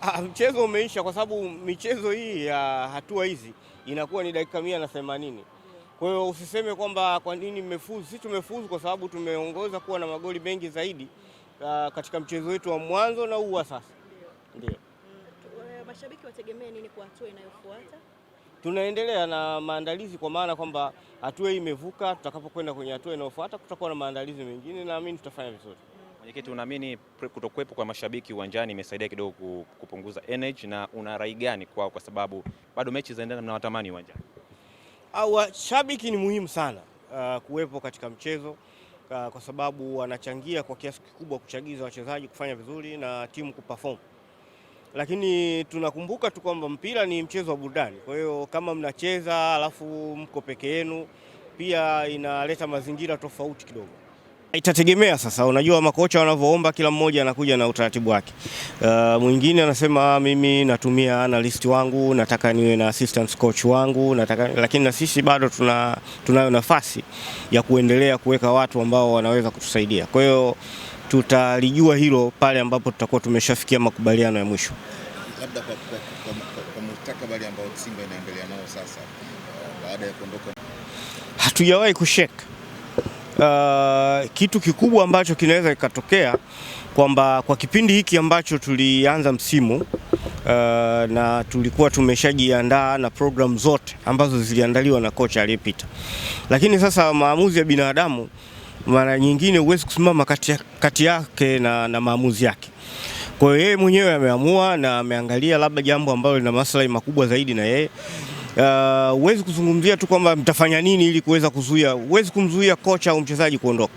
Ah, ah, mchezo umeisha kwa sababu michezo hii ya hatua hizi inakuwa ni dakika mia na themanini. Kwa hiyo usiseme kwamba kwa nini mmefuzu. Sisi tumefuzu kwa sababu tumeongoza kuwa na magoli mengi zaidi ah, katika mchezo wetu wa mwanzo na huu wa sasa. Ndio. Eh, mashabiki wategemee nini kwa hatua inayofuata? Tunaendelea na maandalizi kwa maana kwamba hatua hii imevuka, tutakapokwenda kwenye hatua inayofuata kutakuwa na maandalizi mengine, naamini tutafanya vizuri. Mwenyekiti, tunaamini kutokuwepo kwa mashabiki uwanjani imesaidia kidogo kupunguza energy, na una rai gani kwao, kwa sababu bado mechi zinaendelea, watamani uwanjani? Au ah, shabiki ni muhimu sana uh, kuwepo katika mchezo uh, kwa sababu wanachangia kwa kiasi kikubwa kuchagiza wachezaji kufanya vizuri na timu kuperform, lakini tunakumbuka tu kwamba mpira ni mchezo wa burudani. Kwa hiyo kama mnacheza alafu mko peke yenu, pia inaleta mazingira tofauti kidogo. Itategemea sasa, unajua makocha wanavyoomba, kila mmoja anakuja na utaratibu wake. Uh, mwingine anasema mimi natumia analyst wangu, nataka niwe na assistant coach wangu, nataka lakini na sisi bado tuna, tunayo nafasi ya kuendelea kuweka watu ambao wanaweza kutusaidia. Kwa hiyo tutalijua hilo pale ambapo tutakuwa tumeshafikia makubaliano ya mwisho. Labda kwa, kwa, kwa, kwa, kwa mustakabali ambao Simba inaendelea nao sasa, uh, baada ya kuondoka hatujawahi kusheka uh, kitu kikubwa ambacho kinaweza kikatokea kwamba kwa kipindi hiki ambacho tulianza msimu uh, na tulikuwa tumeshajiandaa na programu zote ambazo ziliandaliwa na kocha aliyepita, lakini sasa maamuzi ya binadamu mara nyingine huwezi kusimama kati, kati yake na, na maamuzi yake. Kwa hiyo yeye mwenyewe ameamua na ameangalia labda jambo ambalo lina maslahi makubwa zaidi na yeye Eh, huwezi uh, kuzungumzia tu kwamba mtafanya nini ili kuweza kuzuia. Huwezi kumzuia kocha au mchezaji kuondoka.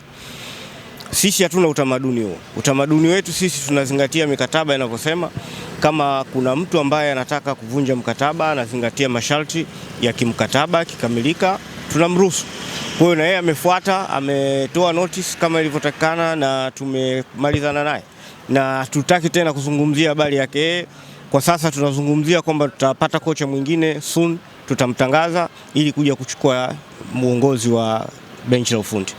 Sisi hatuna utamaduni huo. Utamaduni wetu sisi tunazingatia mikataba inavyosema. Kama kuna mtu ambaye anataka kuvunja mkataba, anazingatia masharti ya kimkataba, kikamilika, tunamruhusu. Kwa hiyo na yeye amefuata, ametoa notice kama ilivyotakikana, na tumemalizana naye, na tutaki tena kuzungumzia habari yake kwa sasa tunazungumzia kwamba tutapata kocha mwingine soon, tutamtangaza ili kuja kuchukua muongozi wa benchi la ufundi.